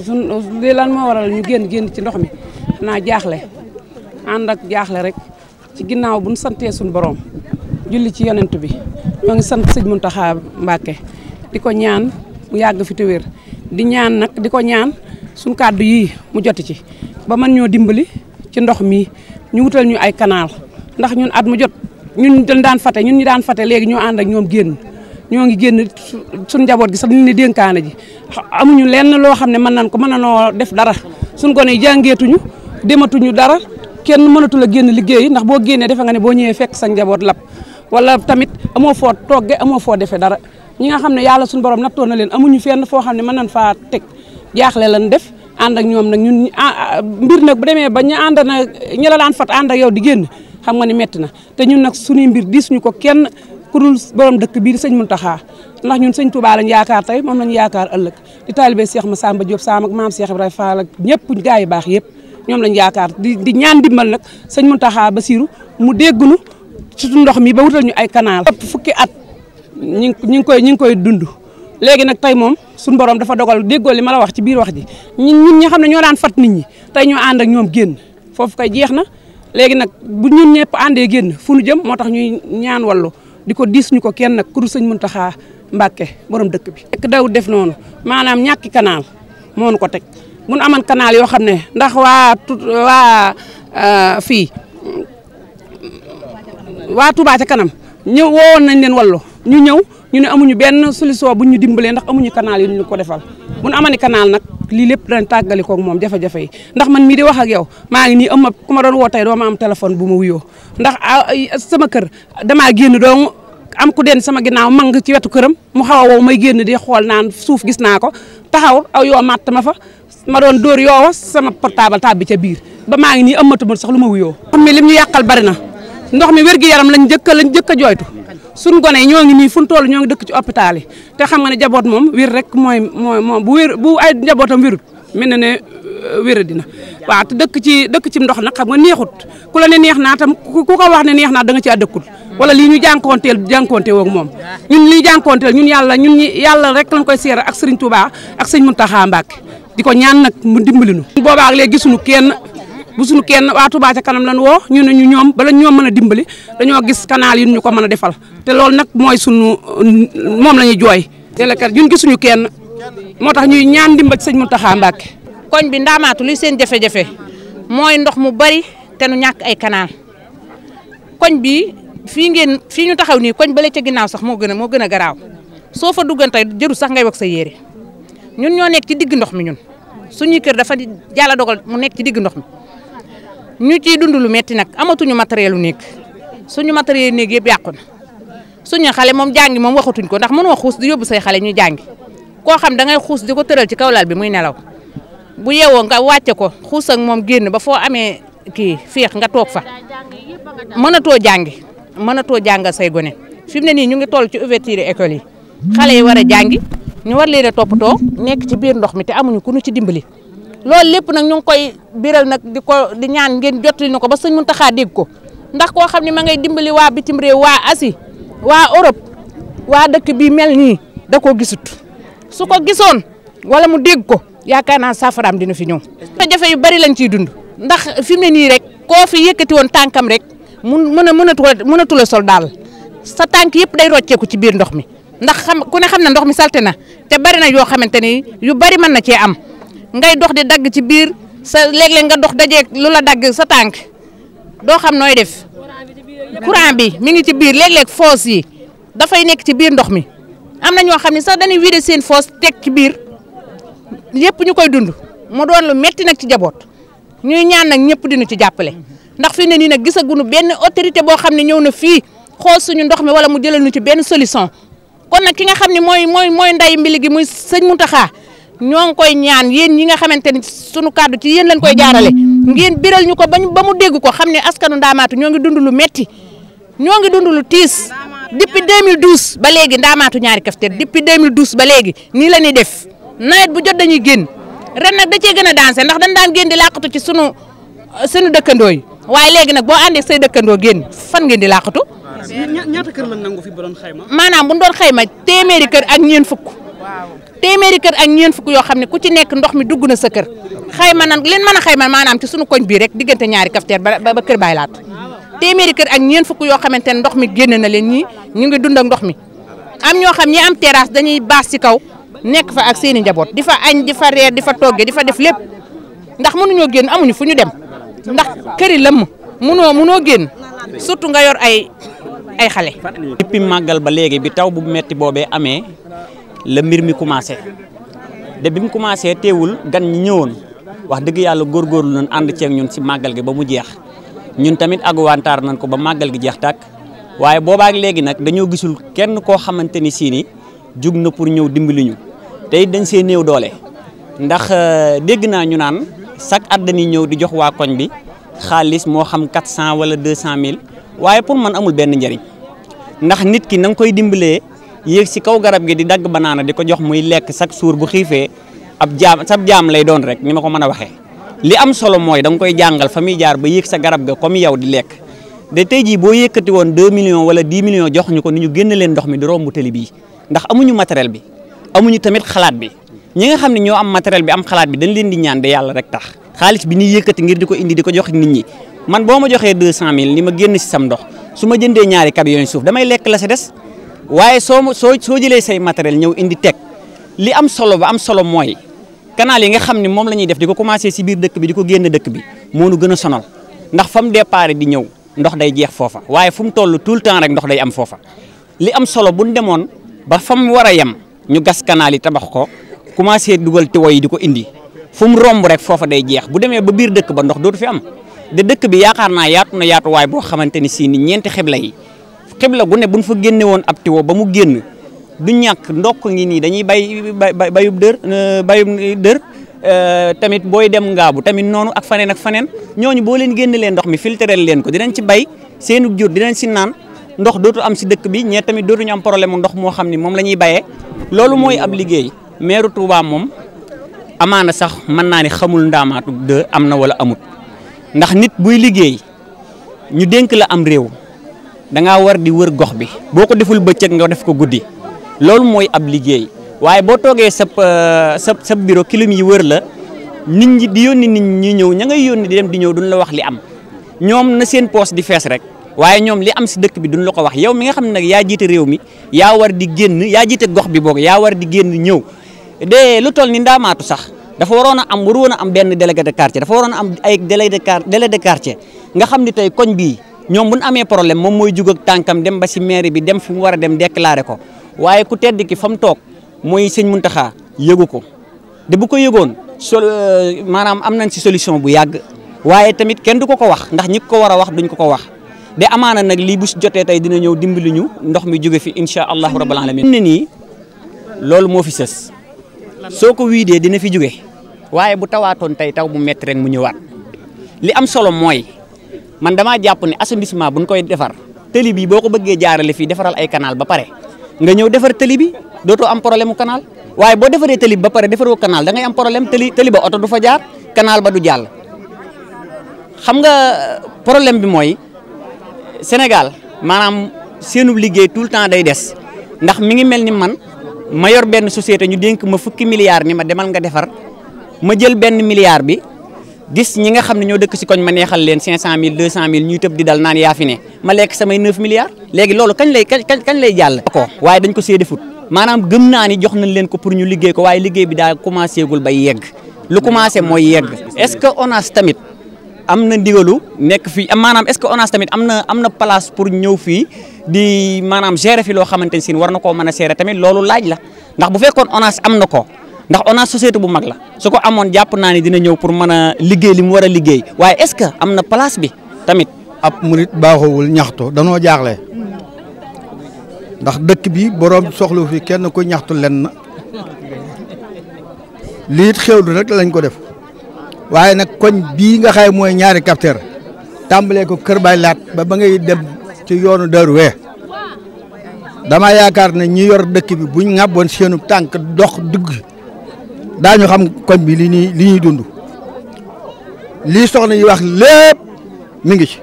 suñ li moo waral ñu génn génn ci ndox mi naa jaaxle ànd ak jaaxle rek ci ginnaaw bu ñu santee suñ borom julli ci yonent bi ñoo ngi sant sëñ taxaa Mbàkke di ko ñaan mu yàgg fi te wér di ñaan nag di ko ñaan suñ kàddu yi mu jot ci ba man ñoo dimbali ci ndox mii ñu wutal ñu ay kanaal ndax ñun at mu jot ñun dañ daan fate ñun ñu daan fate léegi ñoo ànd ak ñoom génn ñoo ngi génn suñ njaboot gi sa ñu ne dénkaane ji amuñu lenn loo xam ne mën nañ ko mën noo def dara suñ ko ne jàngeetuñu dematuñu dara kenn mënatu a génn liggéey ndax boo génnee defe nga ne boo ñëwee fekk sa njaboot lab wala tamit amoo foo togge amoo foo defee dara ñi nga xam ne yàlla suñu borom nattoo na leen amuñu fenn foo xam ne mën nañ faa teg jaaxle lan def ànd ak ñoom nag ñun ah, ah, mbir nag bu demee ba ñu ànd na ñi la daan fat ànd ak yow di génn xam nga ni metti na te ñun nag suñuy mbir diisuñu ko kenn ku dul dëkk bii di sëñ Muntaxa ndax ñun sëñ Touba lañ yaakaar tey moom lañ yaakaar ëllëg di taalibe Cheikh Massamba Diop Sam ak maam Cheikh Ibrahima Fall ak ñëpp gaa yu baax yëpp ñoom lañ yaakaar di di ñaan dimbal nag sëñ ba siiru mu déggunu surtout ndox mi ba wutal ñu ay canal fukki at ñi ngi koy ñi ngi koy dund léegi nag tey moom suñu borom dafa dogal déggoo li ma la wax ci biir wax ji ñun ñun ñi xam ne ñoo daan fat nit ñi tey ñoo ànd ak ñoom génn foofu kay jeex na léegi nag bu ñëpp àndee génn fu nu jëm moo tax ñuy ñaan wallu di ko diis ñu ko kenn nag kuru sëñ Muntaxa Mbàkke borom dëkk bi. fekk daw def noonu maanaam ñàkki canal moo ko teg mun aman kanaal yoo xam ne ndax waa tu waa euh, fii waa kanam ñëw woowoon nañ leen wallu ñu ñëw ñu ne amuñu benn solution bu ñu dimbalee ndax amuñu canal yu ñu ko defal mun amani kanaal nag. lii lépp dana tàggali koog moom jafe-jafe ndax man mii di wax ak yow maa ngi nii am ku ma doon woo tey doo am téléphone bu ma wuyoo ndax ah, sama kër damaa génn dong am ku deen sama ginnaaw mang ci wetu këram mu xaw a wow may génn di xool naan suuf gis naa ko taxaw aw yoo matt ma fa ma doon dóor yoo sama portable tab bi ca biir ba maa ngi nii ëmmatuma sax lu ma wuyoo. ndox mi lim ñu yàqal bari na ndox mi wér gi yaram lañ jëkk lañ jëkk a jooytu gone ñoo ngi nii fu ñu toll ñoo ngi dëkk ci hôpital yi te xam nga ne jaboot moom wér rek mooy mooy moom bu wér bu ay njabootam wérut mel na ne wér dina. waaw dëkk ci dëkk ci ndox nag xam nga neexut ku la ne neex naa tam ku ko wax ne neex naa da nga caa dëkkul hmm. wala lii ñu jànkoonteel jànkoonte wook moom ñun lii jànkoonteel ñun yàlla ñun ñi yàlla rek lañ koy seere ak Serigne baa ak Serigne Mountakha Mbacké di ko ñaan nag mu dimbali nu boobaa ak léegi gisuñu kenn bu suñu kenn waatu baa ca kanam lan woo ñun na ñu ñoom bala ñoom mën a dimbali dañoo gis canal yi ñu ko mën a defal te loolu nag mooy sunu moom la ñuy jooy. délégué ñun gisuñu kenn moo tax ñuy ñaan dimbal ci Serigne Mountakha Mbacké koñ bi ndaamaatu li seen jafe-jafe mooy ndox mu bari te nu ñàkk ay canal koñ bi fii ngeen fii ñu taxaw nii koñ bale ca ginnaaw sax moo gën a moo gën a garaaw soo fa duggantey jëru sax wax sa yére ñun ñoo nekk ci digg ndox mi ñun suñuy kër dafa jàlla dogal mu nekk ci digg ndox mi ñu ciy dund lu metti nag amatuñu matériel u néeg suñu matériel néeg bi yàqu na suñu xale moom jàngi moom waxatuñ ko ndax mënoo kuus di yóbbu say xale ñuy jàngi koo xam da ngay di ko tëral ci kaw lal bi muy nelaw bu yeewoo nga wàcce ko xuus ak moom génn ba foo amee kii féex nga toog fa mënatoo jàngi mënatoo jàngal say gone fi mu ne nii ñu ngi toll ci ouverture école yi xale yi war a jàngi ñu war leen a toppatoo nekk ci biir ndox mi ti amuñu ku ñu ci dimbali loolu lépp nag ñu ngi koy biral nag di ko di ñaan ngeen jottali na ko ba sëñ Muntaxa dégg ko ndax koo xam ne ma ngay dimbali waa bitim réew waa Asie waa Europe waa dëkk bii mel nii da gisut su ko gisoon wala mu dégg ko yaakaar naa saafaraam dina fi ñëw. jafe yu bari lañ ciy dund. ndax fi mu ne nii rek koo fi yëkkati woon tànkam rek mun mën a mënatul a sol daal sa tànk yëpp day rocceeku ci biir ndox mi ndax xam ku ne xam na ndox mi salte na te bari na yoo xamante ni yu bari mën na cee am ngay dox di dagg ci biir sa léeg-léeg nga dox dajeeg lu la dagg sa tànk doo xam nooy def. courant bi mi ngi ci biir léeg-léeg foos yi dafay nekk ci biir ndox mi am na ñoo xam ne sax dañuy vider seen foos teg ci biir. yëpp ñu koy dund mu doon lu metti nag ci jaboot ñuy ñaan nag ñëpp dinu ci jàppale ndax fi ne nii nag gisaguñu benn autorité boo xam ne ñëw na fii xool suñu ndox mi wala mu jëlal ñu ci benn solution kon nag ki nga xam ne mooy mooy mooy nday mbili gi muy sëñ Muntaxa ñoo ngi koy ñaan yéen ñi nga xamante ni suñu kàddu ci yéen lañ koy jaarale ngeen biral ñu ko bañ ba mu dégg ko xam ne askanu ndaamaatu ñoo ngi dund lu metti ñoo ngi dund lu tiis depuis 2012 ba léegi ndaamaatu ñaari kafteer depuis 2012 ba léegi nii la ñuy def nawet bu jot dañuy génn ren nag da cee gën a dansé ndax dañ daan génn di làqatu ci sunu euh, sunu dëkkandoo yi waaye léegi nag boo àndee say dëkkandoo génn fan ngeen di làqatu. ñaata kër mën nangu fi bu doon xayma. maanaam bu doon xayma téeméeri kër ak ñeen fukk. waaw téeméeri ak ñeen fukk yoo xam ne ku ci nekk ndox mi dugg na sa kër. xayma nan leen mën a xayma maanaam ci sunu koñ bii rek diggante ñaari kafteer ba ba kër Baay Laat téeméeri kër ak ñeen fukk yoo xamante ne ndox mi génn na leen ñii ñu ngi dund ak ndox mi am ñoo xam ñi am dañuy baas ci kaw nekk fa ak seen njaboot di fa añ di fa reer di fa togge di fa def lépp ndax mënuñoo génn amuñu fu ñu dem ndax këri lëmm munoo munoo génn surtout nga yor ay ay xale. depuis màggal ba léegi bi taw bu metti boobee amee la mbir mi commencé de bi mu commencé teewul gan ñi ñëwoon wax dëgg yàlla góor góorgóorlu nañ ànd ceeg ñun si màggal gi ba mu jeex ñun tamit wantaar nañ ko ba màggal gi jeex tàkk waaye boobaak léegi nag dañoo gisul kenn koo xamante ni sii ni jug pour ñëw dimbali ñu. te it dañ see néew doole ndax euh, dégg naa ñu naan chaque at dañuy ñëw di jox waa koñ bi xaalis moo xam 400 wala 200 mille waaye pour man amul benn njariñ ndax nit ki na nga koy dimbalee yéeg si kaw garab gi di dagg banaana di ko jox muy lekk chaque suur bu xiifee ab jaam sab jaam lay doon rek ñu ma ko mën a waxee. li am solo mooy da koy jàngal fa muy jaar ba yéeg sa garab ga comme yow di lekk de tey jii boo yëkkati woon 2 millions wala 10 millions jox ñu ko n ñu génn leen ndox mi di rombu tëli bii matériel bi. amuñu tamit xalaat bi ñi nga xam ne ñoo am matériel bi am xalaat bi dañ leen di ñaan de yàlla rek tax xaalis bi ñuy yëkkati ngir di ko indi di ko jox nit ñi man boo ma joxee 200000 li ma génn si sam ndox su ma jëndee ñaari camion suuf damay lekk la sa des waaye soo ma soo soo jëlee say matériel ñëw indi teg li am solo ba am solo mooy canal yi nga xam ne moom la ñuy def di ko commencé si biir dëkk bi di ko génn dëkk bi moo nu gën a sonal ndax fa mu départ di ñëw ndox day jeex foofa waaye fu mu toll tout le temps rek ndox day am foofa am solo bu demoon ba fa mu war a yem ñu gas kanaal yi tabax ko commencé dugal tiwo yi di ko indi fu mu romb rek foofa day jeex bu demee ba biir dëkk ba ndox dootu fi am de dëkk bi yaakaar naa yaatu na yaatuwaay boo xamante ni si ni ñeenti xibla yi xibla gu bu buñ fa génne woon ab tiwo ba mu génn du ñàkk ndokk ngi nii dañuy bay bayub dër euh, bayub dër euh, tamit booy dem ngaabu tamit noonu ak faneen ak faneen ñooñu boo leen génne leen ndox mi filtré leen ko dinañ ci bay seenu jur dinañ si naan ndox dootu am si dëkk bi ñee am problème ndox moo xam ne moom la ñuy bayee loolu mooy ab liggéey meeru Touba moom amaana sax mën naa ne xamul ndaamaatu de am na wala amut ndax nit buy liggéey ñu dénk la am réew da ngaa war di wër gox bi boo ko deful bëccëg nga def ko guddi loolu mooy ab liggéey waaye boo toogee sab euh, sab sab bureau kilim yi wër la nit ñi di yónni nit ñi ñëw ña ngay yónni di dem di ñëw duñ la wax li am ñoom na seen poos di fees rek. waaye ñoom li am si dëkk bi duñ la ko wax yow mi nga xam ne nag yaa jiite réew mi yaa war di génn yaa jiite gox bi boog yaa war di génn ñëw de lu toll ni ndaamaatu sax dafa waroon a am waru woon am benn délégué de quartier dafa waroon a am ay délégué de quartier nga xam ni tey koñ bii ñoom bu ñu amee problème moom mooy jug ak tànkam dem ba si mairie bi dem fi mu war a dem déclaré ko waaye ku tedd ki fa mu toog mooy sëñ Muntaxa yëgu ko de bu ko yëgoon sol maanaam am nañ si solution bu yàgg waaye tamit kenn du ko ko wax ndax ñi ko war a wax duñ ko ko wax. de amaana nag lii bu jotee tey dina ñëw dimbali ñu ndox mi juge fi incha allahu rabbal alamin ne nii loolu moo fi sës soo ko wiidee dina fi jóge waaye bu tawaatoon tey taw bu métti rek mu ñëwaat li am solo mooy man damaa jàpp ni ne bu buñ koy defar tëli bi boo ko bëggee jaarale fii defaral ay kanaal ba pare nga ñëw defar tëli bi dootoo am problème kanaal waaye boo defaree tëli ba pare defaroo kanaal dangay ngay am problème tëli tëli ba oto du fa jaar canal ba du jàll xam nga problème bi mooy Sénégal maanaam seenub liggéey tout le temps day des ndax mu ngi mel ni man ma yor benn société ñu denk ma fukki milliards ni ma demal nga defar ma jël benn milliard bi gis ñi nga xam ne ñoo dëkk si koñ ma neexal leen 500000 200000 ñuy tëb di dal naan yaa fi ne ma lekk samay 9 milliards léegi loolu kañ lay kañ kañ lay jàll. ko waaye dañ ko séedee fut maanaam gëm naa ni jox nañ leen ko pour ñu liggéey ko waaye liggéey bi daa commencé gul bay yegg lu commencé mooy yegg est-ce am na ndigalu nekk fii maanaam est-ce que ONAS tamit am na am na place pour ñëw fii di maanaam gérer fi loo xamante ne si war na koo mën a seere tamit loolu laaj la ndax bu fekkoon ONAS am na ko ndax ONAS société bu mag la su ko amoon jàpp naa ni dina ñëw pour mën a liggéey li mu war a liggéey waaye est-ce que am na place bi tamit. ab murit baaxoowul ñaxto danoo jaaxle ndax dëkk bi borom soxlu fi kenn ku ñaxtu lenn liit xewlu rek lañ ko def. waaye nag koñ bii nga xay mooy ñaari capteur tàmbalee ko Kër Baay Laat ba ba ngay dem ci yoonu Daaru Wee dama yaakaar ne ñi yor dëkk bi buñ ŋàbboon seenu tànk dox dugg daañu xam koñ bi li ñuy li ñuy dund lii soxna yi wax lépp mi ngi ci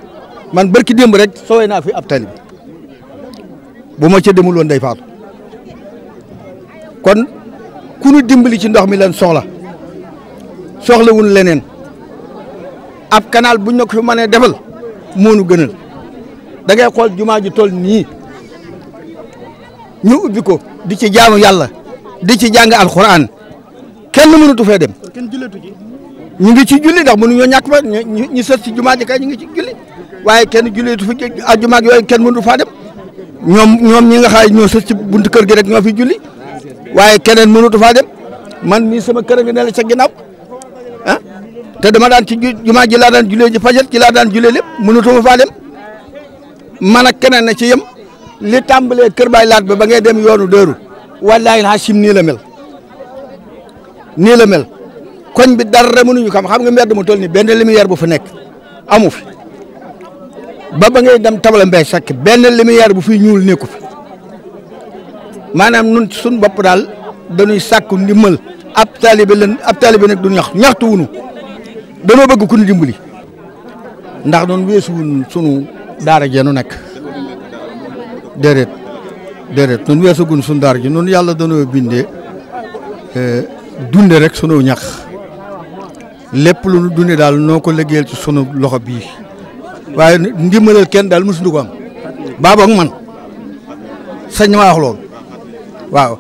man barki démb rek sowee naa fi ab tali bu ma ca demul woon day faatu kon ku ñu dimbali ci ndox mi lan soxla soxlawul leneen ab kanaal buñ na ko fi mënee defal moonu gënal da ngay xool jumaa ji toll nii ñu ubbi ko di ci jaamu yàlla di ci jàng alxuraan kenn mënatu fee dem. kenn jullatu ji. ngi ci julli ndax mënuñoo ñàkk ba ñu ñu sët ci jumaa ji ñu ngi ci julli waaye kenn jullitu fa ak jumaa ak yooyu kenn mënatu faa dem ñoom ñoom ñi nga xam ñoo sët ci buntu kër gi rek ñoo fi julli waaye keneen mënatu faa dem man mii sama kër nga ne la ca ginnaaw. ah te dama daan ci jumaa ji laa daan julee ji fajar daan julee lépp mënatuma faa dem man ak na ci yem li tàmbalee kër baay laat ba ba dem yoonu dëru wallaahi hachim nii la mel nii la mel koñ bi dara mënuñu xam xam nga mbedd mu tol ni benn lumière bu fa nekk amu fi ba ba ngay dem tabala mbay sakk benn lumière bu fi ñuul nekku fi maanaam nun sun bopp daal dañuy sàkku ndimbal ab taalibe lan dun ñax ñaxtu wuñu danoo bëgg ku ñu dimbali ndax noonu weesu wuñ sunu daara jeenu nekk deret déedéet noonu weesu gun sunu daara ji noonu yàlla danoo bindee eh, dunde rek sunu ñax lépp lu nu daal noo ko liggéeyal ci sunu loxo bii waaye ndimbalal kenn daal mësuñu ko man sañ ma wax loolu waaw